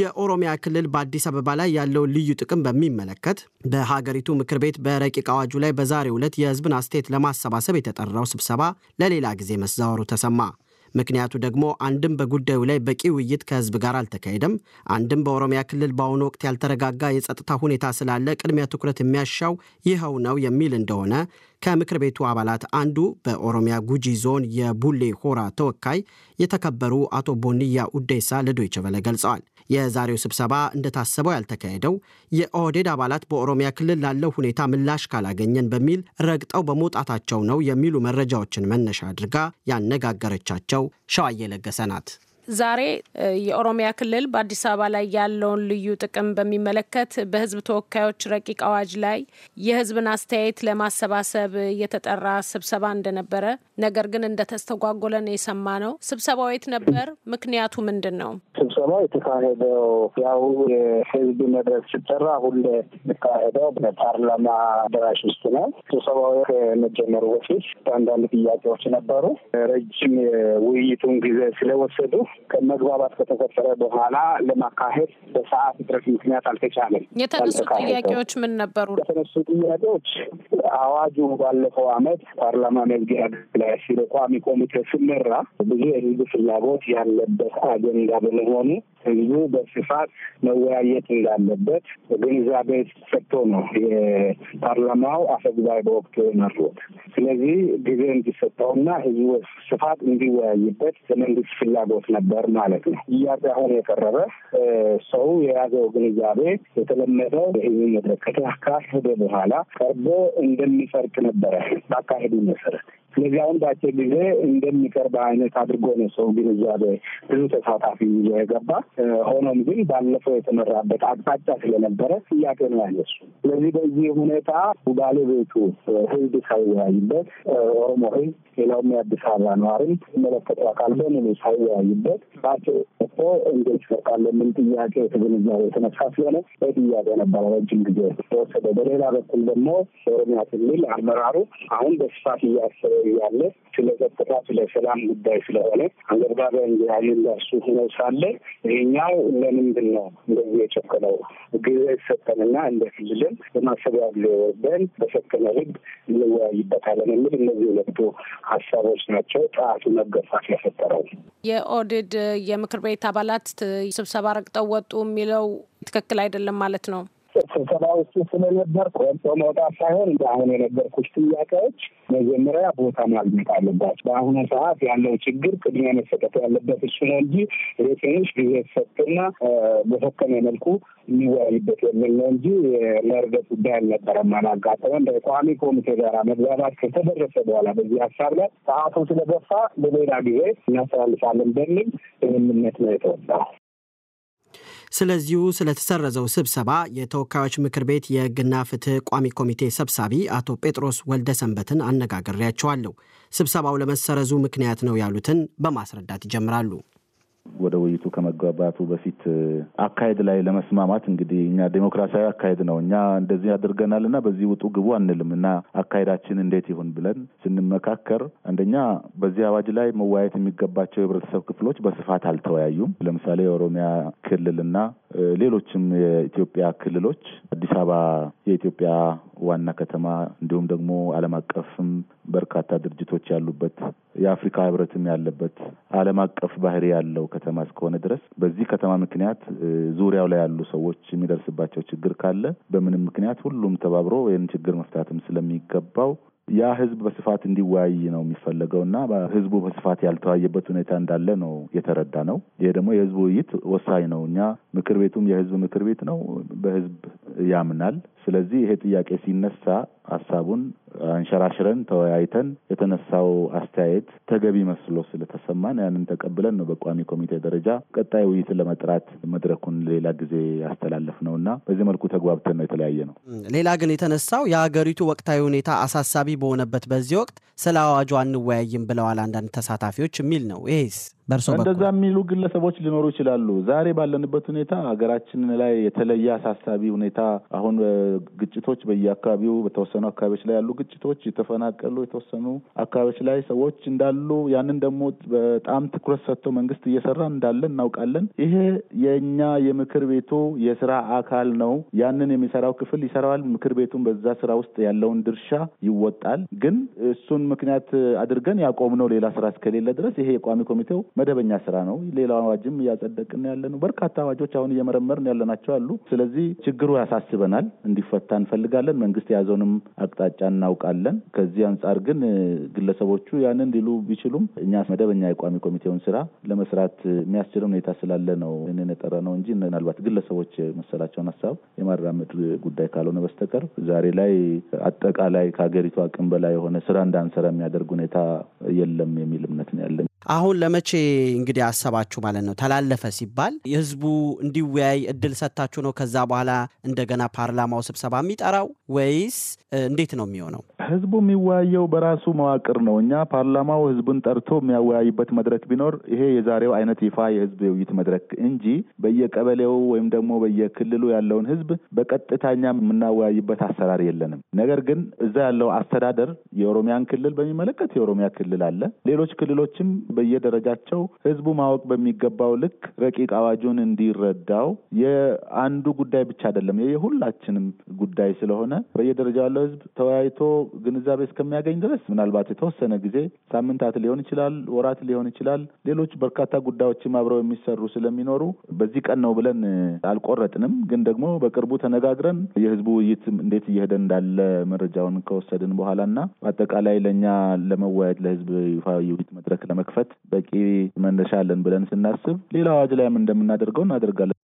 የኦሮሚያ ክልል በአዲስ አበባ ላይ ያለውን ልዩ ጥቅም በሚመለከት በሀገሪቱ ምክር ቤት በረቂቅ አዋጁ ላይ በዛሬ ዕለት የህዝብን አስተያየት ለማሰባሰብ የተጠራው ስብሰባ ለሌላ ጊዜ መዛወሩ ተሰማ። ምክንያቱ ደግሞ አንድም በጉዳዩ ላይ በቂ ውይይት ከህዝብ ጋር አልተካሄደም፣ አንድም በኦሮሚያ ክልል በአሁኑ ወቅት ያልተረጋጋ የጸጥታ ሁኔታ ስላለ ቅድሚያ ትኩረት የሚያሻው ይኸው ነው የሚል እንደሆነ ከምክር ቤቱ አባላት አንዱ በኦሮሚያ ጉጂ ዞን የቡሌ ሆራ ተወካይ የተከበሩ አቶ ቦንያ ኡዴሳ ለዶይቸ ቬለ ገልጸዋል። የዛሬው ስብሰባ እንደታሰበው ያልተካሄደው የኦህዴድ አባላት በኦሮሚያ ክልል ላለው ሁኔታ ምላሽ ካላገኘን በሚል ረግጠው በመውጣታቸው ነው የሚሉ መረጃዎችን መነሻ አድርጋ ያነጋገረቻቸው ሸዋዬ ለገሰ ናት። ዛሬ የኦሮሚያ ክልል በአዲስ አበባ ላይ ያለውን ልዩ ጥቅም በሚመለከት በሕዝብ ተወካዮች ረቂቅ አዋጅ ላይ የሕዝብን አስተያየት ለማሰባሰብ የተጠራ ስብሰባ እንደነበረ ነገር ግን እንደተስተጓጎለ ነው የሰማነው። ስብሰባው የት ነበር? ምክንያቱ ምንድን ነው? ስብሰባው የተካሄደው ያው የሕዝብ መድረክ ሲጠራ ሁሌ የተካሄደው በፓርላማ አዳራሽ ውስጥ ነው። ስብሰባው ከመጀመሩ በፊት አንዳንድ ጥያቄዎች ነበሩ። ረጅም የውይይቱን ጊዜ ስለወሰዱ ከመግባባት ከተፈጠረ በኋላ ለማካሄድ በሰዓት እጥረት ምክንያት አልተቻለም። የተነሱ ጥያቄዎች ምን ነበሩ? የተነሱ ጥያቄዎች አዋጁ ባለፈው ዓመት ፓርላማ መዝጊያ ላይ ሲሉ ቋሚ ኮሚቴ ስመራ ብዙ የህዝብ ፍላጎት ያለበት አጀንዳ በመሆኑ ህዝቡ በስፋት መወያየት እንዳለበት ግንዛቤ ሰጥቶ ነው የፓርላማው አፈጉባኤ በወቅቱ መሩት። ስለዚህ ጊዜ እንዲሰጠውና ህዝቡ ስፋት እንዲወያይበት የመንግስት ፍላጎት ነበር። ነበር ማለት ነው። ጥያቄ አሁን የቀረበ ሰው የያዘው ግንዛቤ የተለመደ ይህ መድረክ ከተካሄደ በኋላ ቀርቦ እንደሚፈርቅ ነበረ በአካሄዱ መሰረት ስለዚህ አሁን በአጭር ጊዜ እንደሚቀርብ አይነት አድርጎ ነው ሰው ግንዛቤ ብዙ ተሳታፊ ይዞ የገባ ሆኖም ግን ባለፈው የተመራበት አቅጣጫ ስለነበረ ጥያቄ ነው ያነሱ። ስለዚህ በዚህ ሁኔታ ባለቤቱ ህዝብ ሳይወያይበት ኦሮሞ ህዝብ ሌላውም የአዲስ አበባ ነዋሪም መለከተው አካል በሙሉ ሳይወያይበት በአጭር ቶ እንዴት ይፈርቃለ የሚል ጥያቄ ከግንዛቤ የተነሳ ስለሆነ በጥያቄ ነበረ ረጅም ጊዜ ተወሰደ። በሌላ በኩል ደግሞ ኦሮሚያ ክልል አመራሩ አሁን በስፋት እያሰበ ያለ ስለ ጸጥታ፣ ስለ ሰላም ጉዳይ ስለሆነ አንገብጋቢ አጀንዳ እሱ ሆኖ ሳለ ይሄኛው ለምንድን ነው እንደዚህ የጨከነው? ጊዜ ይሰጠንና እንደ ክልልም በማሰቢያ ጊዜ ወርደን በሰከነ ህግ እንወያይበታለን የሚል እነዚህ ሁለቱ ሀሳቦች ናቸው ጣቱ መገፋት የፈጠረው። የኦህዴድ የምክር ቤት አባላት ስብሰባ ረግጠው ወጡ የሚለው ትክክል አይደለም ማለት ነው። ስብሰባ ውስጥ ስለነበርኩ ወጥቶ መውጣት ሳይሆን እንደ አሁን የነበርኩች ጥያቄዎች መጀመሪያ ቦታ ማግኘት አለባቸው። በአሁኑ ሰዓት ያለው ችግር ቅድሚያ መሰጠት ያለበት እሱ ነው እንጂ ሬቴኖች ጊዜ ሰጥና በፈከነ መልኩ የሚወያይበት የሚል ነው እንጂ ለእርገት ጉዳይ አልነበረም። አላጋጠመም። በቋሚ ኮሚቴ ጋር መግባባት ከተደረሰ በኋላ በዚህ ሀሳብ ላይ ሰዓቱ ስለገፋ በሌላ ጊዜ እናስተላልፋለን በሚል ስምምነት ነው የተወጣ ስለዚሁ ስለተሰረዘው ስብሰባ የተወካዮች ምክር ቤት የህግና ፍትህ ቋሚ ኮሚቴ ሰብሳቢ አቶ ጴጥሮስ ወልደ ሰንበትን አነጋግሬያቸዋለሁ። ስብሰባው ለመሰረዙ ምክንያት ነው ያሉትን በማስረዳት ይጀምራሉ። ወደ ውይይቱ ከመጋባቱ በፊት አካሄድ ላይ ለመስማማት እንግዲህ እኛ ዴሞክራሲያዊ አካሄድ ነው እኛ እንደዚህ አድርገናል እና በዚህ ውጡ ግቡ አንልም እና አካሄዳችን እንዴት ይሁን ብለን ስንመካከር አንደኛ በዚህ አዋጅ ላይ መወያየት የሚገባቸው የህብረተሰብ ክፍሎች በስፋት አልተወያዩም። ለምሳሌ የኦሮሚያ ክልልና ሌሎችም የኢትዮጵያ ክልሎች አዲስ አበባ የኢትዮጵያ ዋና ከተማ እንዲሁም ደግሞ ዓለም አቀፍም በርካታ ድርጅቶች ያሉበት የአፍሪካ ህብረትም ያለበት ዓለም አቀፍ ባህሪ ያለው ከተማ እስከሆነ ድረስ በዚህ ከተማ ምክንያት ዙሪያው ላይ ያሉ ሰዎች የሚደርስባቸው ችግር ካለ በምንም ምክንያት ሁሉም ተባብሮ ይህን ችግር መፍታትም ስለሚገባው ያ ህዝብ በስፋት እንዲወያይ ነው የሚፈለገው እና ህዝቡ በስፋት ያልተወያየበት ሁኔታ እንዳለ ነው የተረዳ ነው። ይሄ ደግሞ የህዝቡ ውይይት ወሳኝ ነው። እኛ ምክር ቤቱም የህዝብ ምክር ቤት ነው፣ በህዝብ ያምናል። ስለዚህ ይሄ ጥያቄ ሲነሳ ሀሳቡን አንሸራሽረን ተወያይተን የተነሳው አስተያየት ተገቢ መስሎ ስለተሰማን ያንን ተቀብለን ነው በቋሚ ኮሚቴ ደረጃ ቀጣይ ውይይትን ለመጥራት መድረኩን ሌላ ጊዜ ያስተላለፍ ነው እና በዚህ መልኩ ተግባብተን ነው የተለያየ ነው። ሌላ ግን የተነሳው የሀገሪቱ ወቅታዊ ሁኔታ አሳሳቢ በሆነበት በዚህ ወቅት ስለ አዋጁ አንወያይም ብለዋል አንዳንድ ተሳታፊዎች የሚል ነው። ይሄስ በእርሶ እንደዛ የሚሉ ግለሰቦች ሊኖሩ ይችላሉ። ዛሬ ባለንበት ሁኔታ ሀገራችን ላይ የተለየ አሳሳቢ ሁኔታ አሁን ግጭቶች በየአካባቢው በተወሰኑ አካባቢዎች ላይ ያሉ ግጭቶች የተፈናቀሉ የተወሰኑ አካባቢዎች ላይ ሰዎች እንዳሉ ያንን ደግሞ በጣም ትኩረት ሰጥቶ መንግስት እየሰራ እንዳለን እናውቃለን። ይሄ የእኛ የምክር ቤቱ የስራ አካል ነው። ያንን የሚሰራው ክፍል ይሰራዋል። ምክር ቤቱን በዛ ስራ ውስጥ ያለውን ድርሻ ይወጣል። ግን እሱን ምክንያት አድርገን ያቆምነው ሌላ ስራ እስከሌለ ድረስ ይሄ የቋሚ ኮሚቴው መደበኛ ስራ ነው። ሌላ አዋጅም እያጸደቅን ያለ ነው። በርካታ አዋጆች አሁን እየመረመርን ያለናቸው አሉ። ስለዚህ ችግሩ ያሳስበናል፣ እንዲፈታ እንፈልጋለን። መንግስት የያዘውንም አቅጣጫ እናውቃለን። ከዚህ አንጻር ግን ግለሰቦቹ ያንን ሊሉ ቢችሉም እኛ መደበኛ የቋሚ ኮሚቴውን ስራ ለመስራት የሚያስችል ሁኔታ ስላለ ነው እኔን የጠራ ነው እንጂ ምናልባት ግለሰቦች መሰላቸውን ሀሳብ የማራመድ ጉዳይ ካልሆነ በስተቀር ዛሬ ላይ አጠቃላይ ከሀገሪቱ አቅም በላይ የሆነ ስራ እንዳንሰራ የሚያደርግ ሁኔታ የለም የሚል እምነት ነው ያለ። አሁን ለመቼ እንግዲህ አሰባችሁ ማለት ነው? ተላለፈ ሲባል የህዝቡ እንዲወያይ እድል ሰጥታችሁ ነው ከዛ በኋላ እንደገና ፓርላማው ስብሰባ የሚጠራው ወይስ እንዴት ነው የሚሆነው? ህዝቡ የሚወያየው በራሱ መዋቅር ነው። እኛ ፓርላማው ህዝቡን ጠርቶ የሚያወያይበት መድረክ ቢኖር ይሄ የዛሬው አይነት ይፋ የህዝብ የውይይት መድረክ እንጂ በየቀበሌው ወይም ደግሞ በየክልሉ ያለውን ህዝብ በቀጥታ እኛ የምናወያይበት አሰራር የለንም። ነገር ግን እዛ ያለው አስተዳደር የኦሮሚያን ክልል በሚመለከት የኦሮሚያ ክልል አለ። ሌሎች ክልሎችም በየደረጃቸው ህዝቡ ማወቅ በሚገባው ልክ ረቂቅ አዋጁን እንዲረዳው የአንዱ ጉዳይ ብቻ አይደለም የሁላችንም ጉዳይ ስለሆነ በየደረጃው ያለው ህዝብ ተወያይቶ ግንዛቤ እስከሚያገኝ ድረስ ምናልባት የተወሰነ ጊዜ ሳምንታት ሊሆን ይችላል፣ ወራት ሊሆን ይችላል። ሌሎች በርካታ ጉዳዮችም አብረው የሚሰሩ ስለሚኖሩ በዚህ ቀን ነው ብለን አልቆረጥንም። ግን ደግሞ በቅርቡ ተነጋግረን የህዝቡ ውይይት እንዴት እየሄደ እንዳለ መረጃውን ከወሰድን በኋላ እና በአጠቃላይ ለእኛ ለመወያየት ለህዝብ ይፋ ውይይት መድረክ ለመክፈት በቂ መነሻ አለን ብለን ስናስብ ሌላ አዋጅ ላይም እንደምናደርገው እናደርጋለን።